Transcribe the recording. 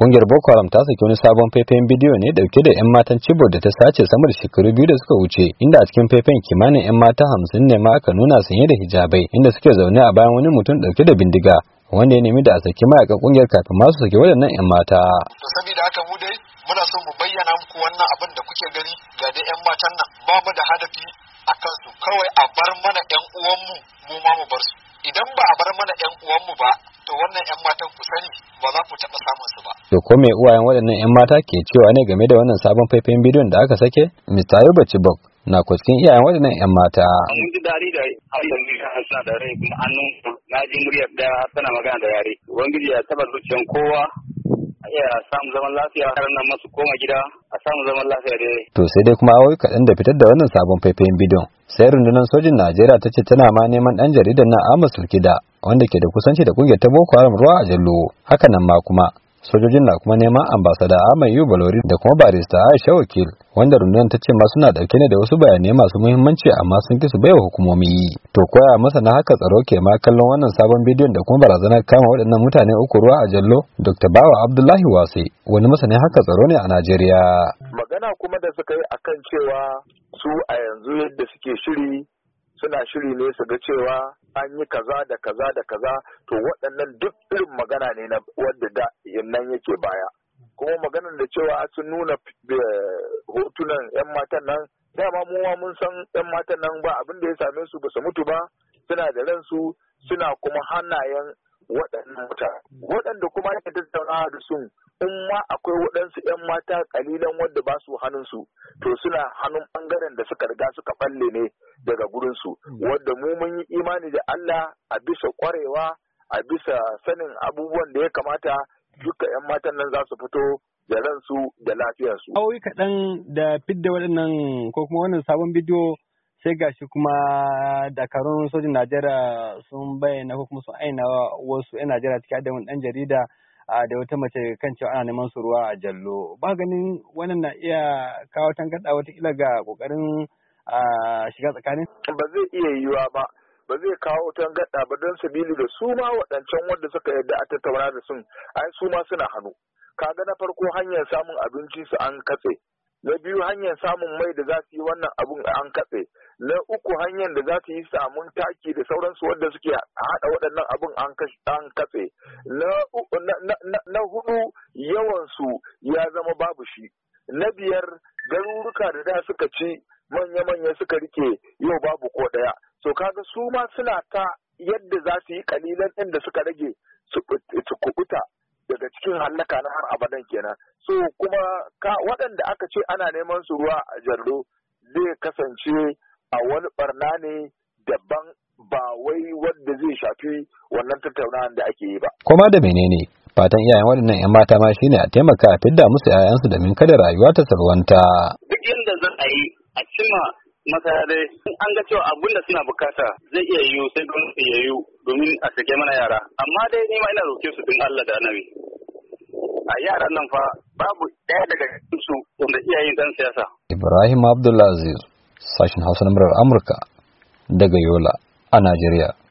Kungiyar Boko Haram ta saki wani sabon faifayen bidiyo ne dauke da 'yan matan Cibo da ta sace sama da shekaru biyu da suka wuce, inda a cikin faifayin kimanin 'yan mata hamsin ne ma aka nuna sanye da hijabai, inda suke zaune a bayan wani mutum dauke da bindiga, wanda ya nemi da a saki mayaka kungiyar kafin masu saki waɗannan 'yan mata. Saboda haka mu dai muna son mu bayyana muku wannan abin da kuke gani ga da 'yan matan nan ba mu da hadafi a kansu kawai a bar mana 'yan uwanmu mu ma mu bar su. Idan ba a bar mana 'yan uwanmu ba waɗannan 'yan matan ku sani ba za ku taɓa samun su ba. To ko me uwayen waɗannan 'yan mata ke cewa ne game da wannan sabon faifayin bidiyon da aka sake? Mr. Ayuba Chibok na kwaskin iyayen waɗannan 'yan mata. Mun ji dari da hayan ne a hasa da rai kuma an na ji muryar da tana magana da yare. Ubangiji ya taɓa zuciyan kowa a samu zaman lafiya har nan masu koma gida a samu zaman lafiya dai. To sai dai kuma awai kaɗan da fitar da wannan sabon faifayin bidiyon. Sai rundunar sojin Najeriya ta ce tana ma neman ɗan jaridar na Amos Sulkida wanda ke da kusanci da kungiyar ta Boko Haram ruwa a Jallo hakanan ma kuma sojojin na kuma neman ambasada Ahmad Yu Balori da kuma barista Aisha Wakil wanda rundunar ta ce ma suna dauke ne da wasu bayanai masu muhimmanci amma sun ki su baiwa hukumomi to koya masana haka tsaro ke ma kallon wannan sabon bidiyon da kuma barazanar kama waɗannan mutane uku ruwa a Jallo Dr. Bawa Abdullahi Wase wani masanin haka tsaro ne a Najeriya magana kuma da suka yi akan cewa su a yanzu yadda suke shiri suna shiri ne su ga cewa an yi kaza da kaza da kaza to waɗannan duk irin magana ne na wadda da nan yake baya kuma maganar da cewa sun nuna eh, hotunan 'yan matan nan dama mu ma mun san 'yan matan nan ba abin da ya same su ba su mutu ba suna da ransu suna kuma hannayen waɗannan mutane waɗanda kuma yake tattaunawa da su in ma akwai waɗansu 'yan mata kalilan wadda ba su hannunsu to suna hannun ɓangaren da suka riga suka ɓalle ne daga gurinsu wadda mu mun yi imani da Allah a bisa ƙwarewa a bisa sanin abubuwan da ya kamata duka 'yan matan nan za su fito da ransu da lafiyarsu. Awoyi kaɗan da fidda waɗannan ko kuma wannan sabon bidiyo sai gashi kuma dakarun sojin najeriya sun bayyana ko kuma sun aina wasu 'yan najeriya cikin adamin dan jarida da wata mace kan cewa ana neman su ruwa a jallo ba ganin wannan na iya kawo tangarɗa watakila ga kokarin shiga tsakanin ba zai iya yiwuwa ba ba zai kawo tangarɗa ba don sabili da su ma waɗancan wanda suka yadda a tattauna da sun ai su ma suna hannu kaga na farko hanyar samun abinci su an katse na biyu hanyar samun mai da za su yi wannan abun an katse na uku hanyar da za ta yi samun taki da sauransu wadda suke haɗa waɗannan abin an katse na hudu yawansu ya zama babu shi na biyar garuruka da da suka ci manya-manya suka rike yau babu ko ɗaya so kaga su ma suna ta yadda za su yi kalilan ɗin da suka rage su kubuta daga cikin hallaka na har abadan kenan so kuma waɗanda aka ce ana neman su ruwa a jallo zai kasance a wani barna ne daban ba wai wanda zai shafi wannan tattaunawa da ake yi ba. Koma da menene fatan iyayen waɗannan 'yan mata ma shine a taimaka a fidda musu 'ya'yansu domin kada rayuwa ta sarwanta. Duk yadda za a yi a cima masaya dai an ga cewa abin da suna bukata zai iya yiwu sai gwamnati ya yiwu domin a sake mana yara amma dai ni ma ina roke su din Allah da annabi a yaran nan fa babu ɗaya daga cikinsu su wanda iyayen dan siyasa Ibrahim Abdulaziz Sashen Hausa na Amurka daga Yola a Najeriya.